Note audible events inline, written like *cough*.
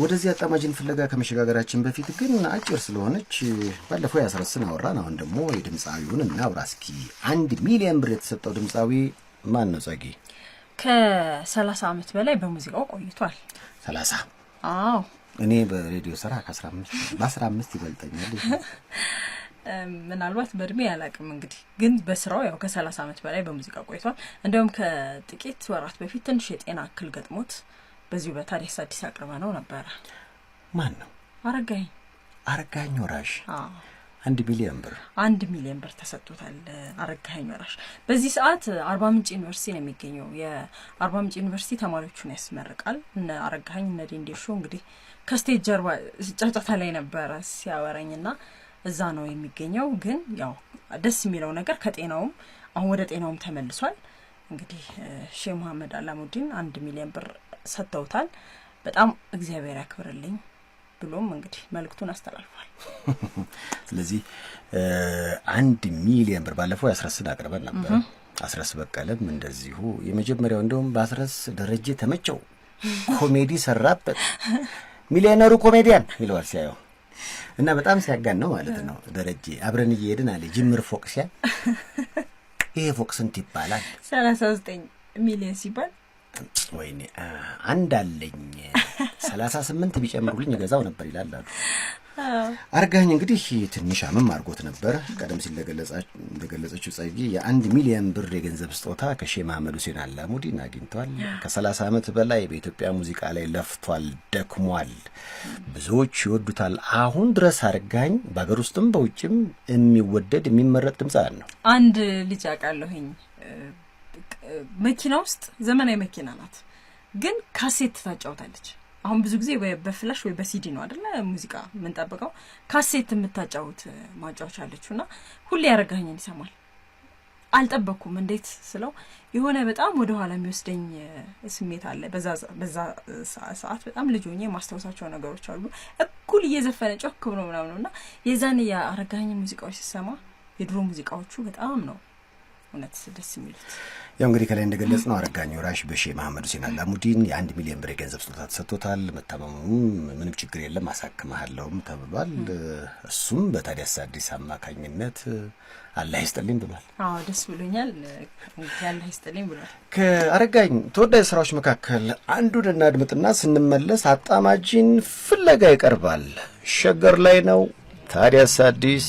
ወደዚህ አጣማጅን ፍለጋ ከመሸጋገራችን በፊት ግን አጭር ስለሆነች ባለፈው ያስረስን አወራን። አሁን ደግሞ የድምፃዊውን እናውራ እስኪ። አንድ ሚሊዮን ብር የተሰጠው ድምፃዊ ማን ነው? ጸጊ ከሰላሳ ዓመት በላይ በሙዚቃው ቆይቷል። ሰላሳ አዎ። እኔ በሬዲዮ ስራ በአስራ አምስት ይበልጠኛል። ምናልባት በእድሜ ያላቅም እንግዲህ ግን በስራው ያው ከሰላሳ ዓመት በላይ በሙዚቃ ቆይቷል። እንዲሁም ከጥቂት ወራት በፊት ትንሽ የጤና እክል ገጥሞት በዚሁ በታዲያስ አዲስ አቅርባ ነው ነበረ። ማን ነው? አረጋኝ አረጋኝ ወራሽ አንድ ሚሊዮን ብር አንድ ሚሊዮን ብር ተሰጥቶታል። አረጋኸኝ ወራሽ በዚህ ሰዓት አርባ ምንጭ ዩኒቨርሲቲ ነው የሚገኘው። የአርባ ምንጭ ዩኒቨርሲቲ ተማሪዎቹን ያስመርቃል። እነ አረጋኸኝ እነ ዴንዴሾ እንግዲህ ከስቴጅ ጀርባ ጫጫታ ላይ ነበረ ሲያወረኝ ና እዛ ነው የሚገኘው። ግን ያው ደስ የሚለው ነገር ከጤናውም አሁን ወደ ጤናውም ተመልሷል። እንግዲህ ሼህ መሀመድ አላሙዲን አንድ ሚሊዮን ብር ሰጥተውታል። በጣም እግዚአብሔር ያክብርልኝ ብሎም እንግዲህ መልእክቱን አስተላልፏል። *laughs* ስለዚህ አንድ ሚሊየን ብር ባለፈው ያስረስን አቅርበን ነበር። አስረስ በቀለም እንደዚሁ የመጀመሪያው እንዲሁም በአስረስ ደረጀ ተመቸው ኮሜዲ ሰራበት። ሚሊዮነሩ ኮሜዲያን ይለዋል ሲያየው እና በጣም ሲያጋን ነው ማለት ነው። ደረጀ አብረን እየሄድን አለ ጅምር ፎቅ ሲያል *laughs* ይሄ ፎቅ ስንት ይባላል? ሰላሳ ዘጠኝ ሚሊዮን ሲባል ወይኔ አንድ አለኝ ሰላሳ ስምንት ቢጨምሩልኝ እገዛው ነበር ይላል አሉ። አርጋኝ እንግዲህ ትንሽ አመም አድርጎት ነበር። ቀደም ሲል እንደገለጸችው ጸጊ የአንድ ሚሊዮን ብር የገንዘብ ስጦታ ከሼህ መሐመድ ሁሴን አላሙዲን አግኝቷል። ከሰላሳ ዓመት በላይ በኢትዮጵያ ሙዚቃ ላይ ለፍቷል፣ ደክሟል። ብዙዎች ይወዱታል። አሁን ድረስ አርጋኝ በሀገር ውስጥም በውጭም የሚወደድ የሚመረጥ ድምፃ ነው። አንድ ልጅ አቃለሁኝ መኪና ውስጥ ዘመናዊ መኪና ናት፣ ግን ካሴት ታጫውታለች። አሁን ብዙ ጊዜ በፍላሽ ወይ በሲዲ ነው አደለ ሙዚቃ የምንጠብቀው። ካሴት የምታጫውት ማጫወቻ አለችው እና ሁሌ ያረጋኝን ይሰማል። አልጠበኩም እንዴት ስለው የሆነ በጣም ወደኋላ የሚወስደኝ ስሜት አለ። በዛ ሰዓት በጣም ልጅ ሆኜ የማስታወሳቸው ነገሮች አሉ። እኩል እየዘፈነ ጮክ ብሎ ምናምን እና የዛን የአረጋኝ ሙዚቃዎች ሲሰማ የድሮ ሙዚቃዎቹ በጣም ነው እውነት ደስ የሚሉት ያው እንግዲህ ከላይ እንደገለጽ ነው አረጋኝ ወራሽ በሼህ መሐመድ ሁሴን አላሙዲን የአንድ ሚሊዮን ብር የገንዘብ ስጦታ ተሰጥቶታል። መታመሙም ምንም ችግር የለም አሳክመሃለውም ተብሏል። እሱም በታዲያስ አዲስ አማካኝነት አላህ ይስጥልኝ ብሏል። አዎ ደስ ብሎኛል። አላህ ይስጥልኝ ብሏል። ከአረጋኝ ተወዳጅ ስራዎች መካከል አንዱን እናድምጥና ስንመለስ አጣማጂን ፍለጋ ይቀርባል። ሸገር ላይ ነው ታዲያስ አዲስ